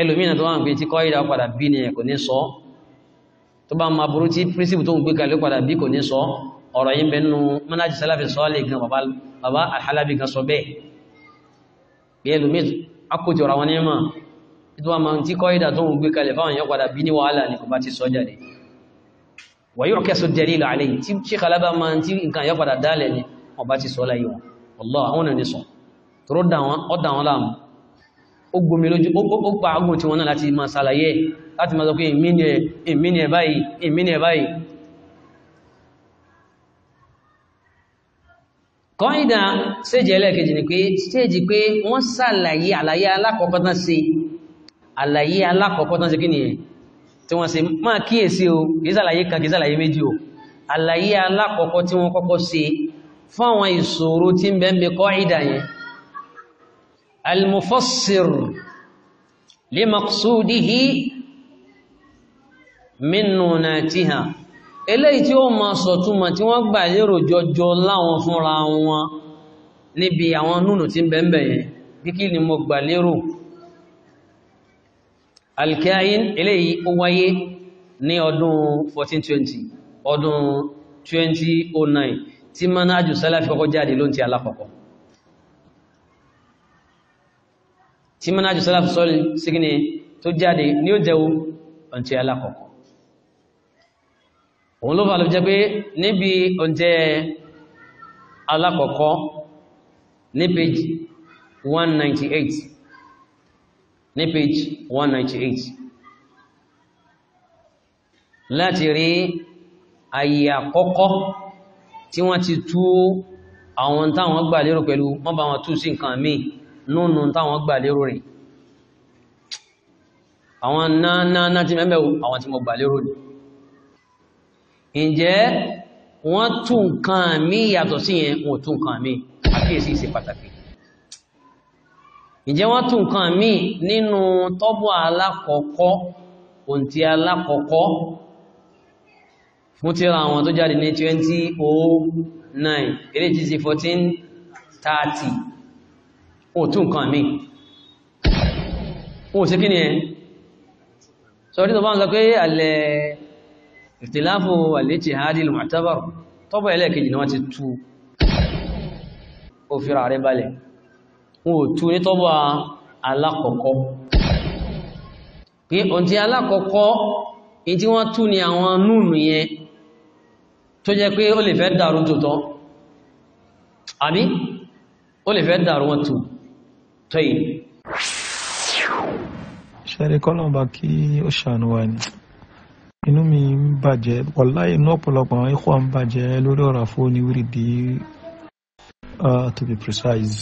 ẹlòmíràn tó wà ń pè tí kọ́ ìdá padà bí ni ẹ̀ kò ní sọ tó bá máa burú tí prínsípù tó ń gbé kalẹ̀ padà bí kò ní sọ ọ̀rọ̀ yìí bẹnu mọ́nájì sálàfẹ́ sọ́ọ́lẹ̀ gan bàbá alhalabi gan sọ bẹ́ẹ̀ pé ẹlòmíràn akójọ ra wọn ní mọ̀ tí wọ́n máa tí kọ́ ìdá tó ń gbé kalẹ̀ fáwọn èèyàn padà bí ní wàhálà ni kò bá ti sọ jáde wàyí ọ̀kẹ́sọ jẹ́rí ilẹ̀ àlẹ́ tí ṣe kalaba máa tí nǹkan yọ padà dálẹ̀ ni wọ́n bá ti sọ láyé wọn ọlọ́ àwọn ò ní sọ tó rọ́ dà wọn láàmú ó gbomi lójú ó pa agbó tí wọ́n náà láti máa sàlàyé láti máa sọ pé ìmìnì ẹ̀ báyìí ìmìnì ẹ̀ báyìí kan ìdá séjì ẹlẹ́ẹ̀kejì ni pé séjì pé wọ́n sàlàyé àlàyé alákọ̀ọ́kọ́tán sí àlàyé alákọ̀ọ́kọ́tán sí kí ni ẹ̀ tí wọ́n ṣe máa kíyèsí o kìí sàlàyé kan kìí sàlàyé méjì o àlàyé alákọ̀ọ́kọ́ tí wọ́n kọ́kọ́ ṣe fún àwọn ìṣòro tí ń bẹ́ẹ̀ kọ́ ìdá yẹn المفسر لمقصوده من نوناتها eléyìí tí ó ma sọ̀túnmọ̀ tí wọ́n gbà lérò jọjọ láwọn fúnra wọn níbi àwọn núnù tí ń bẹ̀m̀bẹ̀ yẹn kíkí ni mo gbà lérò alkain eléyìí ó wáyé ní ọdún 1420 ọdún 2009 tí manájú sálàfí kọ́kọ́ jáde ló ń ti alákọ̀ọ́kọ́ tí manhaj salaf sọ́lì sígínì tó jáde ní ó jẹ́wó ọ̀njẹ́ alákọ̀ọ́kọ́ òun ló fà ló jẹ́ pé níbi ọ̀njẹ́ alákọ̀ọ́kọ́ ní page 198 ní page 198 láti rí ayé àkọ́kọ́ tí wọ́n ti tú àwọn táwọn gbà lérò pẹ̀lú mọ́bà tú sí nǹkan míì núnú táwọn gbà lérò rẹ̀ àwọn náà tí mẹ́mẹ́ àwọn tí mo gbà lérò ní ǹjẹ́ wọ́n tún nǹkan mí yàtọ̀ sí yẹn wọ́n tún nǹkan mí àkíyèsí ṣe pàtàkì ǹjẹ́ wọ́n tún nǹkan mí nínú tọ́bù alákọ̀ọ́kọ́ òǹtí alákọ̀ọ́kọ́ fún tíra àwọn tó jáde ní 2009 eré ti sí 1430 wọn ò tún nǹkan mi wọn ò sí kí ni ẹ sọ tí tó bá ń sọ pé alẹ́ ìtìláfò àléjì hádìí lùmọ̀ tábà tọ́bọ̀ ẹlẹ́ẹ̀kejì ni wọ́n ti tú ó fi ra rẹ̀ balẹ̀ wọn ò tú ní tọ́bọ̀ alákọ̀ọ́kọ́ pé ọ̀tí alákọ̀ọ́kọ́ in tí wọ́n tú ni àwọn núùnù yẹn tó jẹ́ pé ó lè fẹ́ dàrú tòótọ́ àbí ó lè fẹ́ dàrú wọn tòótọ́ tẹ́yìn. ṣẹ́rí kọ́lọ́ọ̀bá kí ó ṣàánú wa ni inú mi ń bàjẹ́ wàláyé inú ọ̀pọ̀lọpọ̀ àwọn ikú àwọn bàjẹ́ lórí ọ̀rọ̀ fóònù wíìrìdì uh, to be precise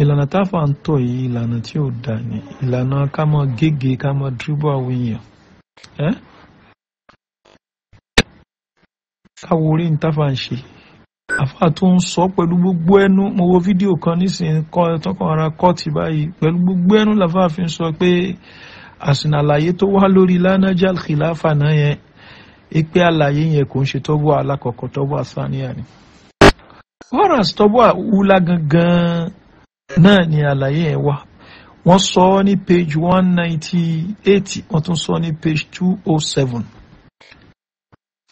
ìlànà táfà ń tọ̀ yìí ìlànà tí ò dà ní ìlànà ká mọ gègé ká mọ dúrúbọ àwọn èèyàn ká wo orí ní táfà ń ṣe àfáà tó ń sọ pẹ̀lú gbogbo ẹnu mo wo fídíò kan nísìnyí tọkàn ara kọ́ọ̀tì báyìí pẹ̀lú gbogbo ẹnu làfáà fi ń sọ pé àsìn àlàyé tó wá lórí lánàjà kìláfà náà yẹn ipe àlàyé yẹn kò ń ṣe tọ́bù alákọ̀ọ́kọ́ tọ́bù àsáníyà ni. horace tọ́bù àwùlá gangan náà ni àlàyé yẹn wà wọ́n sọ ní page one ninety eight wọ́n tún sọ ní page two oh seven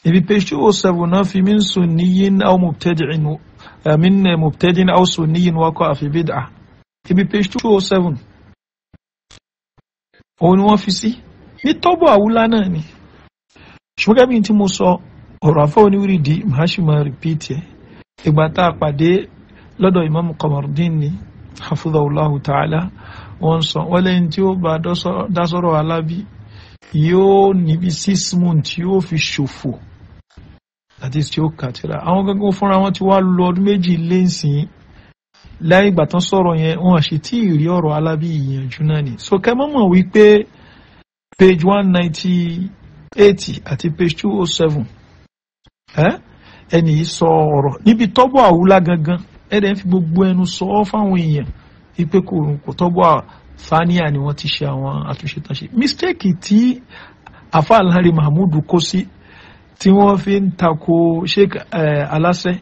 ibi page 207 fi min sunniyin aw mubtadi'in min mubtadi'in aw sunniyin waqa'a fi bid'ah ibi page 207 òun ni wọ́n fi sí ní tọ́bọ̀ àwúlá náà ni ṣùgbọ́n gẹ́gẹ́ bí tí mo sọ ọ̀rọ̀ àfọwọ́ ní wíìrì di mahashima repeat ẹ̀ ìgbà tá a pàdé lọ́dọ̀ imam Qamardin ni hafidhahullahu ta'ala wọ́n sọ wọ́n lẹ́yìn tí ó bá dásọ̀rọ̀ alábí yóò níbi six months yóò fi ṣòfò àdìsí tí ó kà tírà àwọn gángan fúnra wọn ti wá lọ ọdún méjì lẹ́sìn láì ìgbà tán sọ̀rọ̀ yẹn wọn àṣì tí ì rí ọ̀rọ̀ alábí ìyànjú náà ni so kẹ́ mọ́ wípé page one ninety eight àti page two oh seven ẹni yìí sọ ọ̀rọ̀ níbi tọ́bọ̀ àwùlá gangan ẹ̀rẹ̀ ń fi gbogbo ẹnu sọ ọ́ fáwọn èèyàn wípé kò kò tọ́bọ̀ fania ni wọ́n ti ṣe àwọn àtúnṣe tán ṣe mistake tí afa alhari mahmood kó sí tí wọ́n fi ń tako sheik eh, aláṣẹ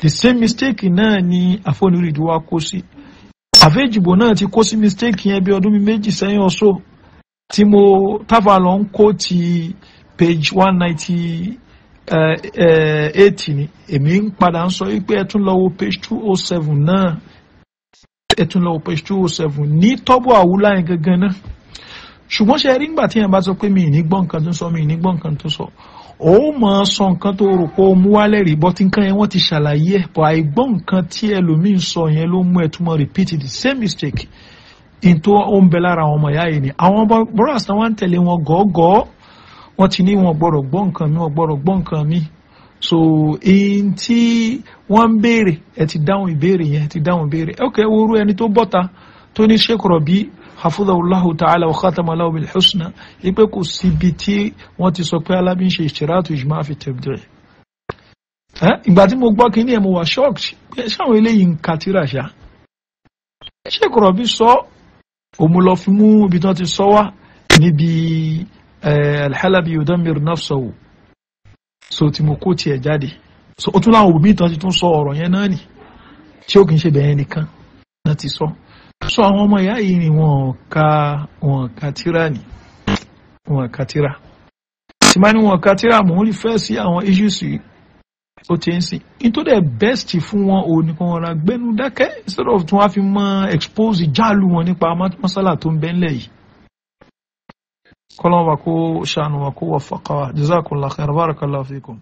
the same mistake náà ni àfọ̀nìrìdìwá kó sí àfẹ́jìbò náà ti kó sí mistake yẹn bí ọdún méjì sẹ́yìn ọ̀ṣọ́ tí mo tábà lọ ń kó ti page one ninety eh, eight ni èmi ń padà ń sọ wípé ẹ tún lọ wo page two oh seven náà ẹ tún lọ wo page two oh seven ní tọ́bù àwùlá yẹn gangan náà ṣùgbọ́n ṣe rí ńgbà tí yẹn bá sọ pé mi ì ní gbọ́ nǹkan tó sọ mi ì ní gbọ́ nǹkan tó sọ ó máa sọ nǹkan tó rò pé ó mú wálẹ̀ rí bọ́ tí nǹkan yẹn wọ́n ti ṣàlàyé ẹ̀ bọ́ àìgbọ́n nǹkan tí ẹlòmíín sọ yẹn ló mú ẹ túmọ̀ repeat the same mistake Into tó ó ń bẹ lára àwọn ọmọ ìyá yìí ni àwọn brothers náà wọ́n ń tẹ̀lé wọn gọ́gọ́ wọ́n ti ní wọn gbọ́dọ̀ gbọ́ nǹkan mi wọ́n gbọ́dọ̀ gbọ́ nǹkan mi so in ti wọ́n ń béèrè ẹ ti dáhùn ìbéèrè yẹn ẹ ti dáhùn ìbéèrè ok wo irú ẹni tó bọ́ta tó ní sheikh rabi hafudhahullahu ta'ala wa khatama lahu bil husna ipe kò síbi tí wọ́n ti sọ pé alábí ń ṣe ìṣirátù ijma fi tabdi' ìgbà tí mo gbọ́ kínní ẹ̀ mo wà shocked pé ṣáwọn eléyìí ń ka tíra ṣá sheikh rabi sọ òun lọ fi mú ibi tí wọ́n ti sọ wá níbi alhalabi yudamir nafsahu so tí mo kó tiẹ̀ jáde so ó tún láwọn òbí ìtàn ti tún sọ ọ̀rọ̀ yẹn náà ni tí ó kì í ṣe bẹ̀yẹn nìkan náà ti sọ. So so àwọn ọmọ ìyá yìí ni wọn ka wọn ka tíra ni wọn ka tíra tí máa ní wọn ka tíra mò ń rí fẹ́ sí àwọn issues yìí ó ti ń sìn in tó dẹ̀ best fún wọn ò ní kan ra gbẹnu dákẹ́ instead of tí wọ́n á fi mọ expose jáàlù wọn nípa mọ́sálà tó ń bẹ ńlẹ̀ yìí kọ́lọ́n wa kó ṣàánú wa kó wà fàkàwà jazakallah khair barakallahu fikum.